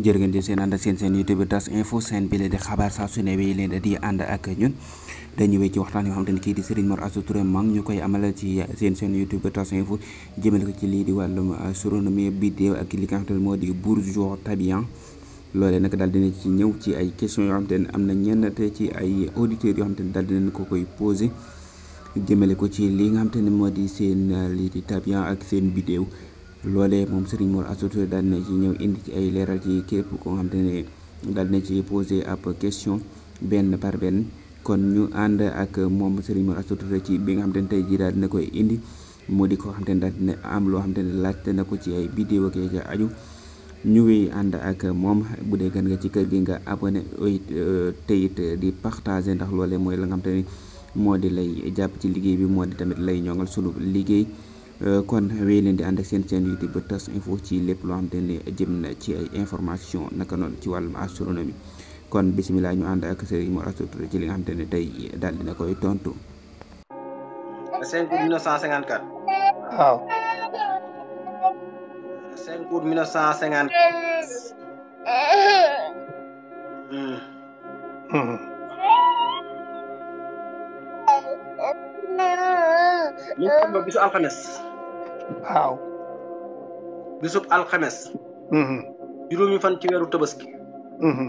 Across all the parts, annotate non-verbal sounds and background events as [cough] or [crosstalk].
jërë ngeen seen ànd ak seen seen youtube tas info seen bi leen di xabaar saa su ne wéy leen di ànd ak ñun dañuy wéy ci waxtaan yoo xam te ne kii di Serigne Mor Asta Touré mag ñu koy amal ci seen ko ci lii di wàllum euh, astronomie bidéew ak li nga xam moo di bourgeois tabian loolee nag daal dina ci ñëw ci ay questions yoo xam te ne am na ñenn te ci ay auditeurs yoo xam te ne daal dinañ ko koy posé jëmale ko ci lii nga xam ne moo di seen euh, lii di tabian ak seen bidéew loolee moom Serigne Mor Asta Touré daal na ci ñëw indi ci ay leeral ci képp koo xam te ne daal na ci posé ab question benn par benn kon ñu ànd ak moom Serigne Mor Asta Touré ci bi nga xam te ne tey jii daal dina koy indi moo di koo xam te ne daal am loo xam te ne laajte na ko ci ay vidéo kee ca aju ñu ngi ànd ak moom bu dee gën nga ci kër gi nga abonné euh, te it di partager ndax loole mooy la nga xam te ne moo di lay jàpp ci liggéey bi moo di tamit lay ñoŋal sunu liggéey. kon wéy leen di ànd ak seen chaîne youtube tas info ci lépp loo xam te jëm na ci ay information naka noonu ci wàllum astronomie kon bismillah ñu ànd ak Serigne mo Asta ci li nga xam te ne tey daal dina koy tontu. 5 août 1954. waaw waaw bisub alxames mhm. juróomi fan ci weeru tabaski mhm.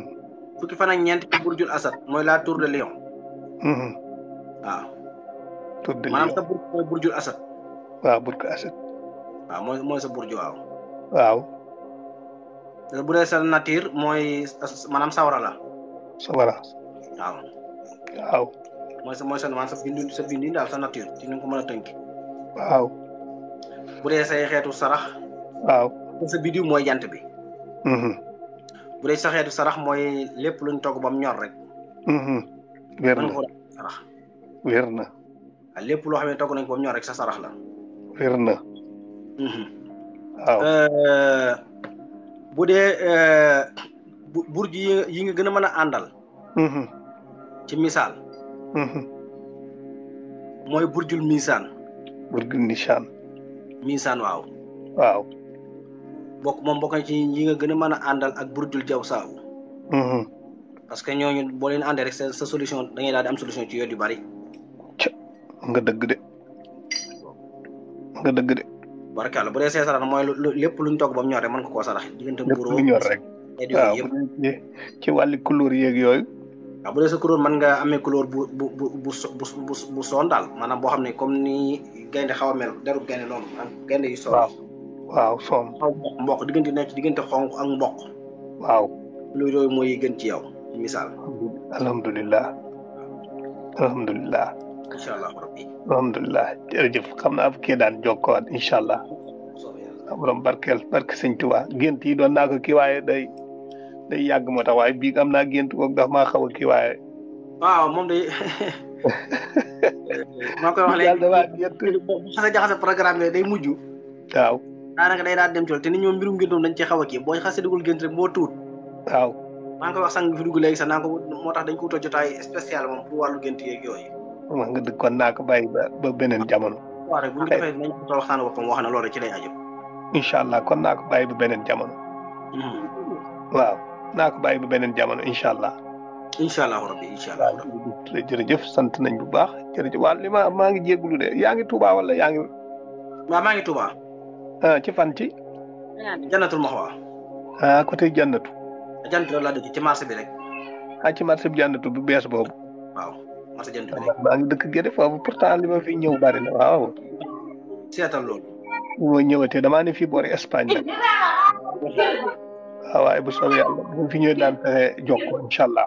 fukki fan ak ñeent ci burjul asad mooy la tour de lion mhm. waaw tour de lion maanaam sa burj mooy burjul asad waaw burjul asad waaw mooy mooy sa burj waaw waaw bu dee sa nature mooy manam sawara la sawara waaw waaw mooy sa mooy sa maanaam sa bindu sa bindu daal sa nature ci ni nga ko mën a tënk waaw bu dee say xeetu sarax. waaw sa bidiw mooy jant bi. Mm-hmm. bu dee sa xeetu sarax mooy lépp luñ togg ba mu ñor rek. Mm-hmm. wér na sarax. wér na. lépp loo xam ne togg nañ ko ba mu ñor rek sa sarax la. wér na. Mm-hmm. waaw euh, bu dee euh, yi nga gën a mën a àndal. ci misaal. mooy burjul misaan. burjul Misaan waaw. waaw. bokk moom bokk ci yi nga gën a mën a àndal ak Burjul Jaw Saawu. Mm-hmm. parce que ñooñu boo leen àndee rek sa sa solution da daal di am solution ci yoon yu bari. nga dëgg de. nga dëgg de. barkaala bu dee see sarax mooy lépp luñ togg ba mu ñor rek mën nga koo sarax. diggante mbuuroo lépp lu ñor rek. waaw ci wàllu couleur yeeg yooy bu dé sa couleur man nga amé couleur bu bu bu bu bu son dal manam bo xamné comme ni gaynde xawa mel deru gaynde noonu kan? gaynde yu son waaw son mbokk digënté nek digënté xonk ak mbokk waaw. lu yooyu moy gën ci yow misal alhamdullilah alhamdulilah. incha rabbi. jërëjëf daan day yàgg moo tax waaye bii am naa gént koog daf maa xaw a kii waaye. waaw moom day [laughs] maa koy wax léegi daal xase jaxase programme yooyu day mujj. waaw. daanaka day daal dem ci ni ñoom mbirum géntoom dañ cee xaw a kii boo xasee dugul gént rek moo tuut. waaw. maa ngi wax sànq fi dugg léegi sax naa ko moo tax dañ ko wutal jotaay spécial moom pour wàllu gént yeeg yooyu. kon naa ko bàyyi ba beneen jamono. Hmm. waaw wax na loolu ci lay aju. allah kon naa ko ba beneen jamono. waaw. yëpp naa ko bàyyi beneen jamono incha allah. incha rabbi incha allah rabbi jërëjëf sant nañ bu baax jërëjëf maa ngi jégalu de yaa ngi Touba wala yaa ngi. waaw ah ci fan ci. jannatul Mahwa. ah côté jannatu. jannatu laa dëkk ci marché bi rek. ah ci marché bi jannatu bu bees boobu. waaw marché jannatu bi rek. maa ngi dëkk Gédé foofu fi ñëw bari na waaw. seetal loolu. bu ma ñëwatee damaa ne boori Espagne [laughs] waaye bu soobee yàlla bu fi ñëwee daan fexe jokk incha allah.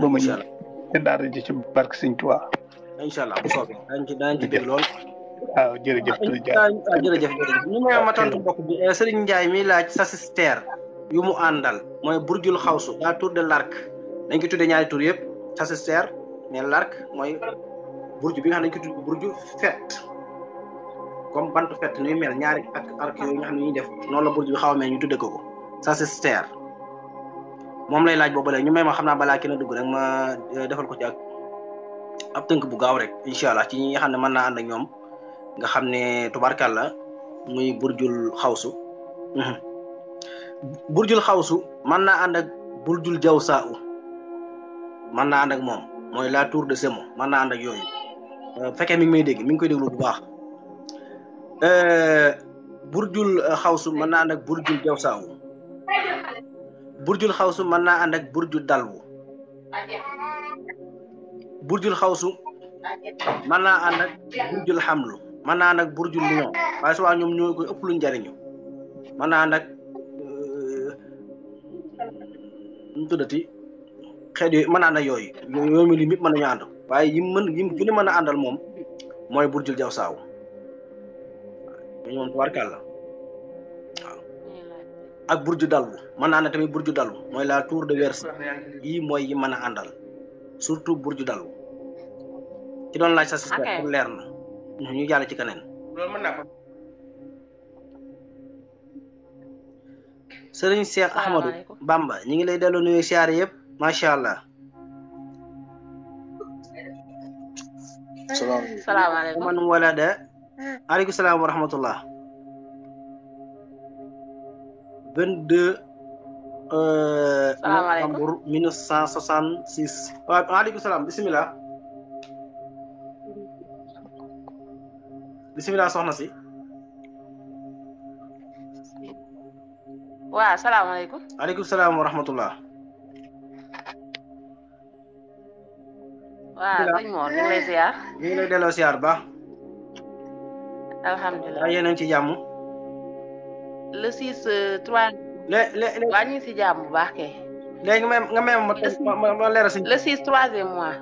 bu ma ñëwee ñëw te daara ji ci barke Sëñ tuwa. incha allah bu soobee daañu ci daañu ci dégg lool. waaw jërëjëf jërëjëf jërëjëf ñu ne ma tontu mbokk bi sëriñ Ndiaye mi laaj sasistère yu mu àndal mooy burjul xawsu la tour de l'arc dañ ko tuddee ñaari tour yëpp sasistère mais l'arc mooy burj bi nga xam ne dañ ko tuddee burju fett comme bantu fett nuy mel ñaari ak arc yooyu nga xam ne ñuy def noonu la burj bi xaw a mel ñu tuddee ko ko. ça c'est moom lay laaj boobu léegi ñu ma xam naa balaa kenn dugg rek ma euh, defal ko ci ak ab tënk bu gaaw rek incha allah ci ñi nga xam ne mën naa ànd ñoom nga xam ne tubarkàlla muy burjul xawsu mhm. burjul xawsu mën naa ànd ak burjul jaw saa u mën naa ànd ak moom mooy la tour de Semo mën naa ànd ak yooyu euh, bu fekkee mi ngi may dégg mi ngi koy déglu bu baax euh, burjul xawsu mën naa ànd ak burjul jaw u burjul xawsu man na ànd ak burju dalwu burjul xawsu man na ànd ak burjul xamlu man na ànd ak burjul lion waaye subaa ñoom ñoo koy ëpp lu njariñu man na ànd ak ñu tuddati xeet yooyu man na ànd ak yooyu yooyu mu lim yëpp mën nañu ànd waaye yim mën yim gën a mën a àndal moom mooy burjul jaw saaw ñoom tubaarkàlla ak burju dalu mën naa ne tamit burju dalu moy la tour de verse yi moy yi mën andal surtout burju dalu ci don laj sa système pour leer na ñu jall ci kenen loolu mën naa ko sëriñ Cheikh Ahmadou Bamba ñi ngi lay delloo nuyu yeb yëpp salam allah ah. alaykum man wala de salam salam wa rahmatullah 22 euh, -1966. Wa alaykum salaam bisimilah. soxna si. waaw salaamaaleykum. aleykum salaam wa rahmatullah. waaw sëñ Mor ñu lay ziar. ñu lay ziar ba. alhamdulilah yéen a ci le 6 3. léegi léegi waa si jàmm bu baax kay. léegi nga même ma ma ma leeral sëñ. le 6 troisième mois.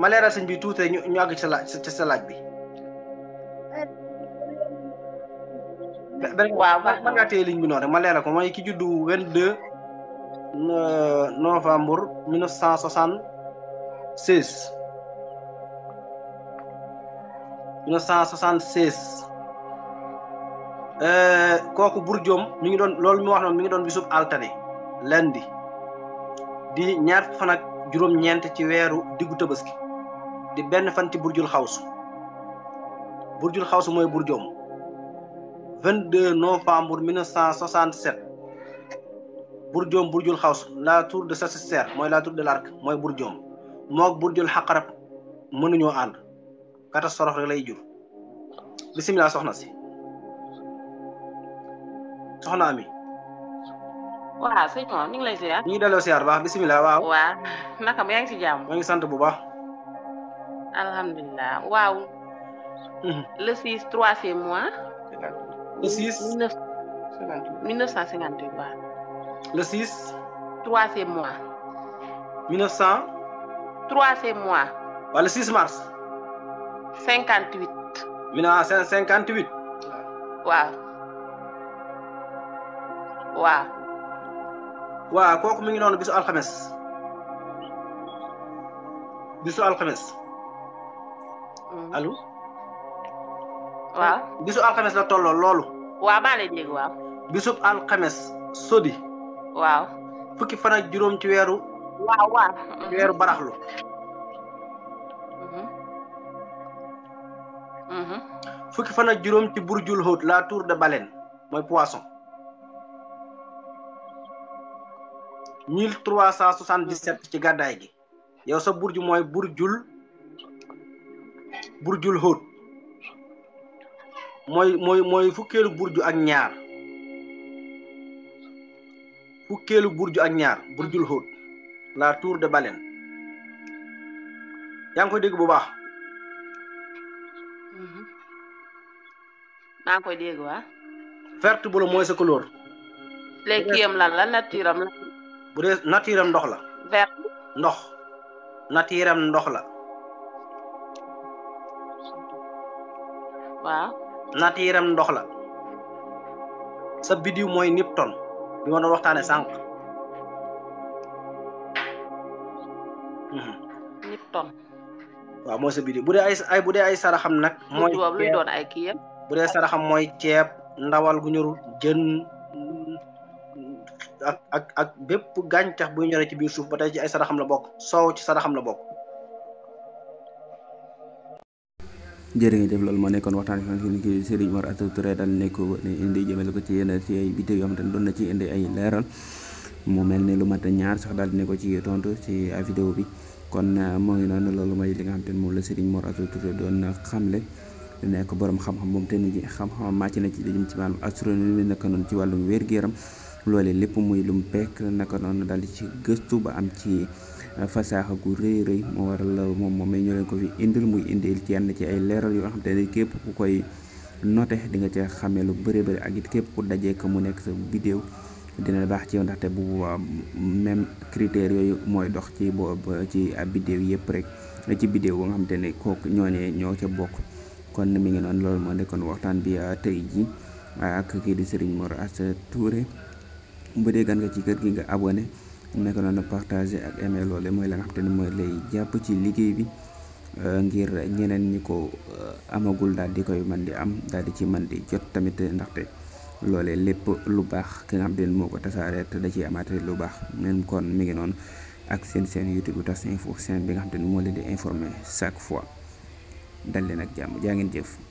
ma leeral sëñ bi tuuti ñu ñu àgg ci sa laaj ci sa laaj bi. waaw man man ngaa téye ligne bi noonu rek ma leeral ko mooy ki juddu 22 euh, novembre 1976. 1976. Eh, koku burjom mi ngi don lolou mi wax non mi ngi don bisub altane lendi di ñaar fan ak jurom ñent ci wéru digu tebeski di ben fan ci burjul khaws burjul khaws moy burjom 22 novembre 1967 burjom burjul khaws la tour de sasser moy la tour de l'arc mooy Bourdieu moog Bourdieu xaqarab mënuñoo ànd catastrophe rek lay jur bismillah soxna si soxna ami waaw sëñ mo ni ngi lay ziar ni ngi delloo ziar baax wow. waaw waaw naka yaa ngi si jàmm maa ngi sant bu baax alhamdulilah waaw le six troisième mois le 6 mille neuf cent cinquante huit waaw le Wow. mois mois le 6 mars 58 huit mille wow. Wow. waaw waaw kooku mi ngi noonu bisu alxames bisu alxames mm. allo waaw bisu alxames la tolloo loolu waaw maa lay dégg waaw bisub alxames sodi waaw fukki fan juróom ci weeru waaw waaw weeru baraxlu mm-hmm. Mm-hmm. fukki fan juróom ci burjul xóot la tour de baleine mooy poisson 1377 ci gaday gi yow sa burju moy burjul burjul hóot Moy moy moy fukelu burju ak ñaar fukelu burju ak ñaar burjul hóot la tour de balen yang koy deg bu baax mm-hmm. maa ngi koy deg wa verte bu la sa couleur léegi la la bu dee dohla. ndox la dohla. ndox Natiram ndox la waaw la sa bidiw mooy nipton bi ma doon waxtaane mhm. nipton waaw mooy sa bidiw bu dee ay ay bu dee ay saraxam nag mooy luy jen. saraxam mooy ceeb ndawal gu ñorul ak ak bépp gàncax buy ñoree ci biir suuf ba tey ci ay saraxam la bokk soow ci saraxam la bokk. jërë ngeen jëf loolu moo nekkoon waxtaan ak seen kii Serigne Mor Asta Touré daal nekk indi jëmale ko ci yenn ci ay biddew yoo xam te doon na ci indi ay leeral mu mel ne lu mat ñaar sax daal di nekkoo ko ci tontu ci vidéo bi kon euh, moo ngi noonu loolu mooy li nga xam te ne moom la Serigne Mor Asta Touré doon xamle. nekk borom xam-xam moom te ji xam màcc na ci li jëm ci wàllum astronomie naka noonu ci wàllum wér gu loole lépp muy lum pekk naka noonu daal di ci gëstu ba am ci euh, fasaaxa gu rëy rëy moo waral moom moom ñoo leen ko fi indil muy indil ci yenn ci ay leeral yoo xam te ne képp ku koy note di nga ca xamee lu bëri bëri ak it képp ku dajee ko mu nekk sa vidéo dina baax ci yow ndaxte bu même critères yooyu mooy dox ci boobu ci ab vidéo yëpp rek ci vidéo ba nga xam te ne kooku ñooñee ñoo ca bokk kon mi ngi noonu loolu moo nekkoon waxtaan bi euh, tey ji ak kii di Serigne Mor Asta Touré. bu gan nga ci kër gi nga abonné nekk noonu partager ak aimer loole mooy la nga xam te ne mooy lay jàpp ci liggéey bi euh, ngir ñeneen ñi ko euh, amagul daal di koy man di am daal di ci man di jot tamit ndaxte loole lépp lu baax ki nga xam te ne moo ko tasaaree te da ciy amaate lu baax même kon mi ngi noonu ak seen seen YouTube bu tas info seen bi nga xam te ne moo leen di informer chaque fois dal leen ak jàmm jaa ngeen jëf.